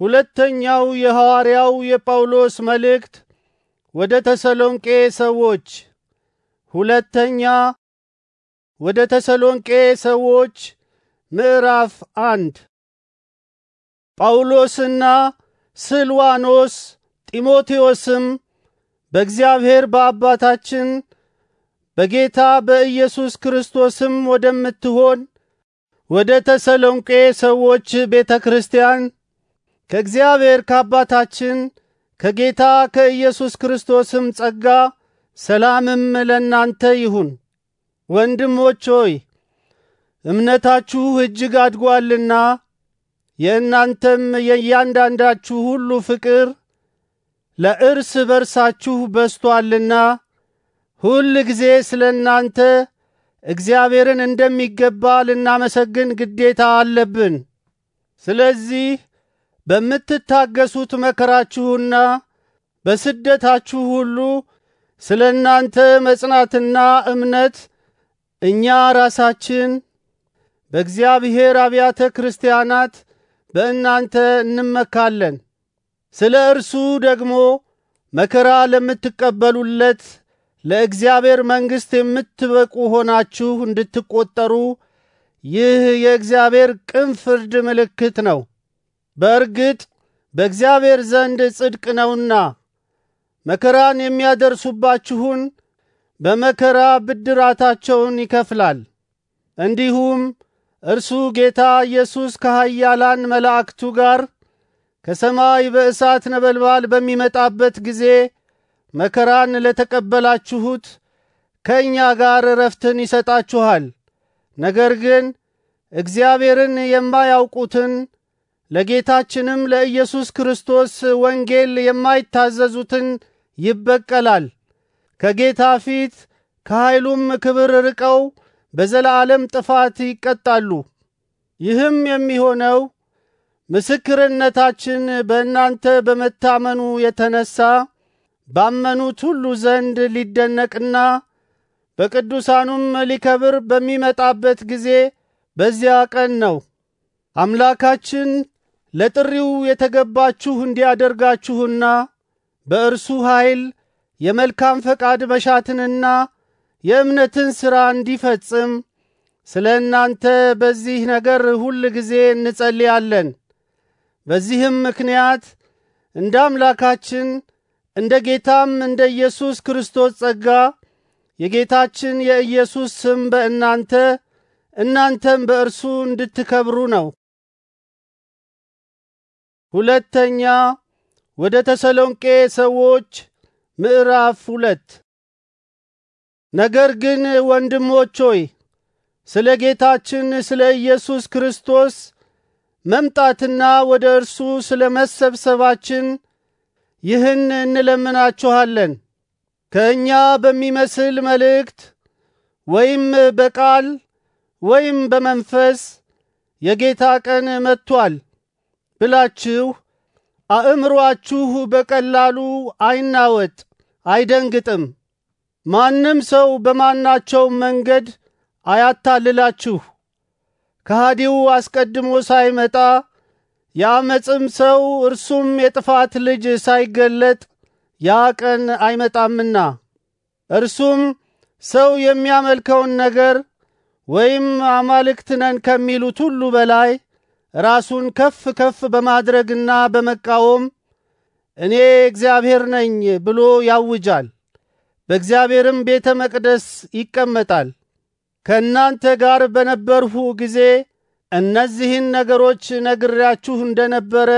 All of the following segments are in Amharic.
ሁለተኛው የሐዋርያው የጳውሎስ መልእክት ወደ ተሰሎንቄ ሰዎች። ሁለተኛ ወደ ተሰሎንቄ ሰዎች ምዕራፍ አንድ ጳውሎስና ስልዋኖስ ጢሞቴዎስም በእግዚአብሔር በአባታችን በጌታ በኢየሱስ ክርስቶስም ወደምትሆን ወደ ተሰሎንቄ ሰዎች ቤተ ክርስቲያን ከእግዚአብሔር ከአባታችን ከጌታ ከኢየሱስ ክርስቶስም ጸጋ ሰላምም ለእናንተ ይሁን። ወንድሞች ሆይ እምነታችሁ እጅግ አድጓልና የእናንተም የእያንዳንዳችሁ ሁሉ ፍቅር ለእርስ በርሳችሁ በስቶአልና ሁል ጊዜ ስለ እናንተ እግዚአብሔርን እንደሚገባ ልናመሰግን ግዴታ አለብን። ስለዚህ በምትታገሱት መከራችሁና በስደታችሁ ሁሉ ስለ እናንተ መጽናትና እምነት እኛ ራሳችን በእግዚአብሔር አብያተ ክርስቲያናት በእናንተ እንመካለን። ስለ እርሱ ደግሞ መከራ ለምትቀበሉለት ለእግዚአብሔር መንግሥት የምትበቁ ሆናችሁ እንድትቈጠሩ ይህ የእግዚአብሔር ቅን ፍርድ ምልክት ነው። በእርግጥ በእግዚአብሔር ዘንድ ጽድቅ ነውና መከራን የሚያደርሱባችሁን በመከራ ብድራታቸውን ይከፍላል። እንዲሁም እርሱ ጌታ ኢየሱስ ከኃያላን መላእክቱ ጋር ከሰማይ በእሳት ነበልባል በሚመጣበት ጊዜ መከራን ለተቀበላችሁት ከእኛ ጋር እረፍትን ይሰጣችኋል። ነገር ግን እግዚአብሔርን የማያውቁትን ለጌታችንም ለኢየሱስ ክርስቶስ ወንጌል የማይታዘዙትን ይበቀላል። ከጌታ ፊት ከኃይሉም ክብር ርቀው በዘላለም ጥፋት ይቀጣሉ። ይህም የሚሆነው ምስክርነታችን በእናንተ በመታመኑ የተነሳ ባመኑት ሁሉ ዘንድ ሊደነቅና በቅዱሳኑም ሊከብር በሚመጣበት ጊዜ በዚያ ቀን ነው። አምላካችን ለጥሪው የተገባችሁ እንዲያደርጋችሁና በእርሱ ኃይል የመልካም ፈቃድ መሻትንና የእምነትን ሥራ እንዲፈጽም ስለ እናንተ በዚህ ነገር ሁል ጊዜ እንጸልያለን። በዚህም ምክንያት እንደ አምላካችን እንደ ጌታም እንደ ኢየሱስ ክርስቶስ ጸጋ የጌታችን የኢየሱስ ስም በእናንተ እናንተም በእርሱ እንድትከብሩ ነው። ሁለተኛ ወደ ተሰሎንቄ ሰዎች ምዕራፍ ሁለት ነገር ግን ወንድሞች ሆይ ስለ ጌታችን ስለ ኢየሱስ ክርስቶስ መምጣትና ወደ እርሱ ስለ መሰብሰባችን ይህን እንለምናችኋለን። ከእኛ በሚመስል መልእክት ወይም በቃል ወይም በመንፈስ የጌታ ቀን መጥቷል። ብላችሁ አእምሯችሁ በቀላሉ አይናወጥ፣ አይደንግጥም። ማንም ሰው በማናቸው መንገድ አያታልላችሁ። ከሃዲው አስቀድሞ ሳይመጣ የአመፅም ሰው እርሱም የጥፋት ልጅ ሳይገለጥ ያ ቀን አይመጣምና እርሱም ሰው የሚያመልከውን ነገር ወይም አማልክት ነን ከሚሉት ሁሉ በላይ ራሱን ከፍ ከፍ በማድረግና በመቃወም እኔ እግዚአብሔር ነኝ ብሎ ያውጃል። በእግዚአብሔርም ቤተ መቅደስ ይቀመጣል። ከእናንተ ጋር በነበርሁ ጊዜ እነዚህን ነገሮች ነግሬያችሁ እንደነበረ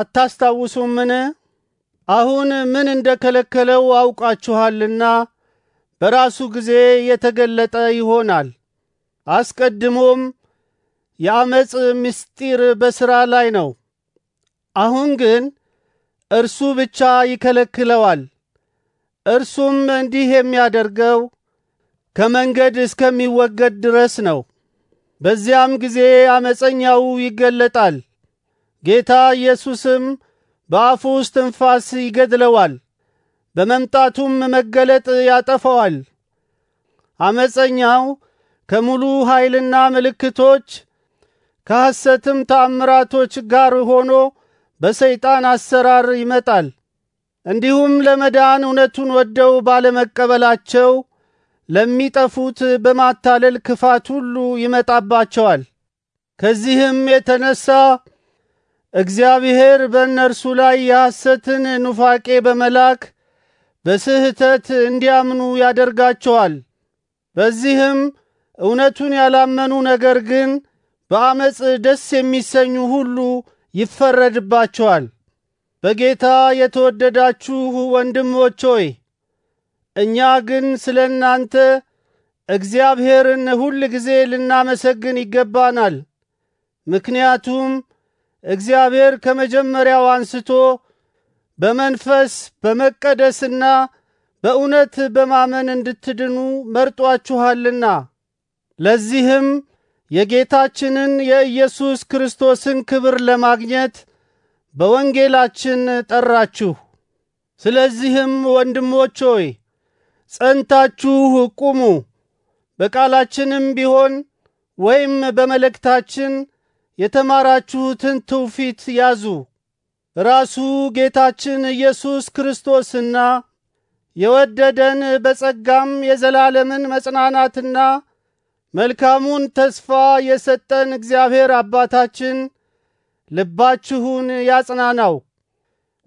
አታስታውሱምን? አሁን ምን እንደከለከለው አውቃችኋልና በራሱ ጊዜ የተገለጠ ይሆናል። አስቀድሞም የአመፅ ምስጢር በሥራ ላይ ነው። አሁን ግን እርሱ ብቻ ይከለክለዋል። እርሱም እንዲህ የሚያደርገው ከመንገድ እስከሚወገድ ድረስ ነው። በዚያም ጊዜ አመፀኛው ይገለጣል፣ ጌታ ኢየሱስም በአፉ እንፋስ ይገድለዋል፣ በመምጣቱም መገለጥ ያጠፈዋል። አመፀኛው ከሙሉ ኃይልና ምልክቶች ከሐሰትም ተአምራቶች ጋር ሆኖ በሰይጣን አሰራር ይመጣል። እንዲሁም ለመዳን እውነቱን ወደው ባለመቀበላቸው ለሚጠፉት በማታለል ክፋት ሁሉ ይመጣባቸዋል። ከዚህም የተነሳ እግዚአብሔር በእነርሱ ላይ የሐሰትን ኑፋቄ በመላክ በስህተት እንዲያምኑ ያደርጋቸዋል። በዚህም እውነቱን ያላመኑ ነገር ግን በአመፅ ደስ የሚሰኙ ሁሉ ይፈረድባቸዋል። በጌታ የተወደዳችሁ ወንድሞች ሆይ እኛ ግን ስለ እናንተ እግዚአብሔርን ሁል ጊዜ ልናመሰግን ይገባናል። ምክንያቱም እግዚአብሔር ከመጀመሪያው አንስቶ በመንፈስ በመቀደስና በእውነት በማመን እንድትድኑ መርጧችኋልና ለዚህም የጌታችንን የኢየሱስ ክርስቶስን ክብር ለማግኘት በወንጌላችን ጠራችሁ። ስለዚህም ወንድሞች ሆይ ጸንታችሁ ቁሙ። በቃላችንም ቢሆን ወይም በመልእክታችን የተማራችሁትን ትውፊት ያዙ። ራሱ ጌታችን ኢየሱስ ክርስቶስና የወደደን በጸጋም የዘላለምን መጽናናትና መልካሙን ተስፋ የሰጠን እግዚአብሔር አባታችን ልባችሁን ያጽናናው፣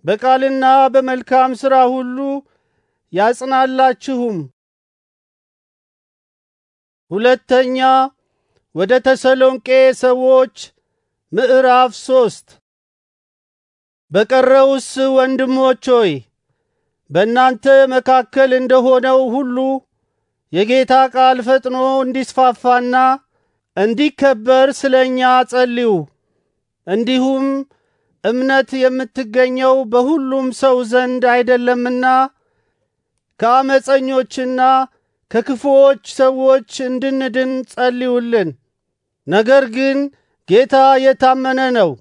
በቃልና በመልካም ሥራ ሁሉ ያጽናላችሁም። ሁለተኛ ወደ ተሰሎንቄ ሰዎች ምዕራፍ ሶስት በቀረውስ ወንድሞች ሆይ በእናንተ መካከል እንደሆነው ሁሉ የጌታ ቃል ፈጥኖ እንዲስፋፋና እንዲከበር ስለ እኛ ጸልዩ። እንዲሁም እምነት የምትገኘው በሁሉም ሰው ዘንድ አይደለምና ከአመፀኞችና ከክፉዎች ሰዎች እንድንድን ጸልዩልን። ነገር ግን ጌታ የታመነ ነው፣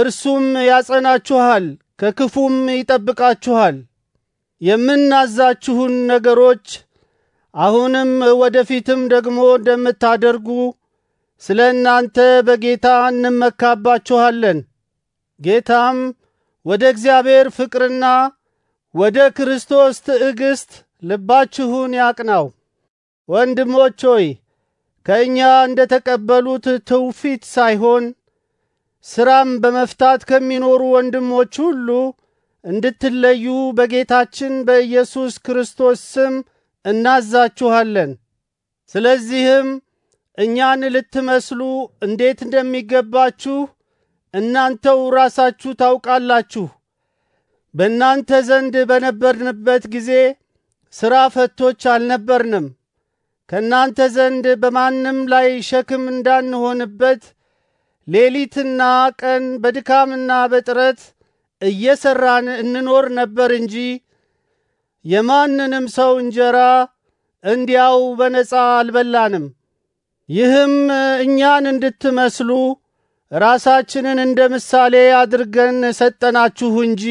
እርሱም ያጸናችኋል፣ ከክፉም ይጠብቃችኋል። የምናዛችሁን ነገሮች አሁንም ወደፊትም ደግሞ እንደምታደርጉ ስለ እናንተ በጌታ እንመካባችኋለን። ጌታም ወደ እግዚአብሔር ፍቅርና ወደ ክርስቶስ ትዕግስት ልባችሁን ያቅናው። ወንድሞች ሆይ ከእኛ እንደ ተቀበሉት ትውፊት ሳይሆን ስራም በመፍታት ከሚኖሩ ወንድሞች ሁሉ እንድትለዩ በጌታችን በኢየሱስ ክርስቶስ ስም እናዛችኋለን። ስለዚህም እኛን ልትመስሉ እንዴት እንደሚገባችሁ እናንተው ራሳችሁ ታውቃላችሁ። በእናንተ ዘንድ በነበርንበት ጊዜ ሥራ ፈቶች አልነበርንም። ከእናንተ ዘንድ በማንም ላይ ሸክም እንዳንሆንበት ሌሊትና ቀን በድካምና በጥረት እየሰራን እንኖር ነበር እንጂ የማንንም ሰው እንጀራ እንዲያው በነፃ አልበላንም። ይህም እኛን እንድትመስሉ ራሳችንን እንደ ምሳሌ አድርገን ሰጠናችሁ እንጂ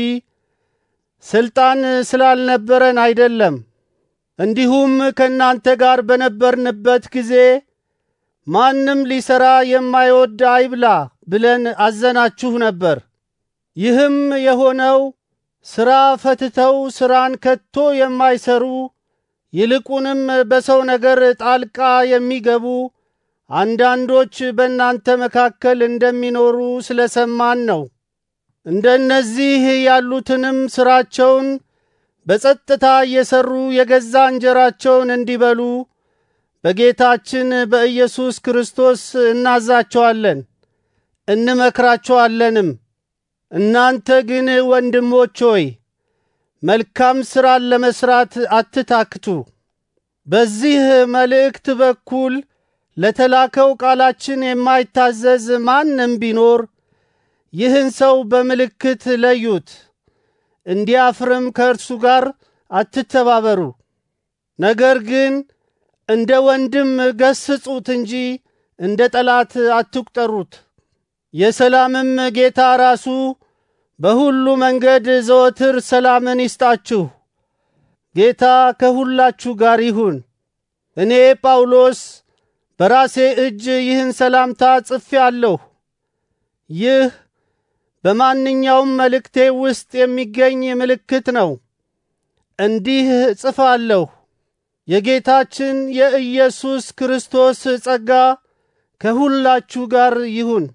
ስልጣን ስላልነበረን አይደለም። እንዲሁም ከእናንተ ጋር በነበርንበት ጊዜ ማንም ሊሰራ የማይወድ አይብላ ብለን አዘናችሁ ነበር። ይህም የሆነው ስራ ፈትተው ስራን ከቶ የማይሰሩ ይልቁንም በሰው ነገር ጣልቃ የሚገቡ አንዳንዶች በእናንተ መካከል እንደሚኖሩ ስለ ሰማን ነው። እንደነዚህ ያሉትንም ስራቸውን በጸጥታ እየሰሩ የገዛ እንጀራቸውን እንዲበሉ በጌታችን በኢየሱስ ክርስቶስ እናዛቸዋለን፣ እንመክራቸዋለንም። እናንተ ግን ወንድሞች ሆይ መልካም ሥራን ለመስራት አትታክቱ። በዚህ መልእክት በኩል ለተላከው ቃላችን የማይታዘዝ ማንም ቢኖር ይህን ሰው በምልክት ለዩት፣ እንዲያፍርም ከእርሱ ጋር አትተባበሩ። ነገር ግን እንደ ወንድም ገስጹት እንጂ እንደ ጠላት አትቁጠሩት። የሰላምም ጌታ ራሱ በሁሉ መንገድ ዘወትር ሰላምን ይስጣችሁ። ጌታ ከሁላችሁ ጋር ይሁን። እኔ ጳውሎስ በራሴ እጅ ይህን ሰላምታ ጽፌአለሁ። ይህ በማንኛውም መልእክቴ ውስጥ የሚገኝ ምልክት ነው። እንዲህ ጽፋለሁ። የጌታችን የኢየሱስ ክርስቶስ ጸጋ ከሁላችሁ ጋር ይሁን።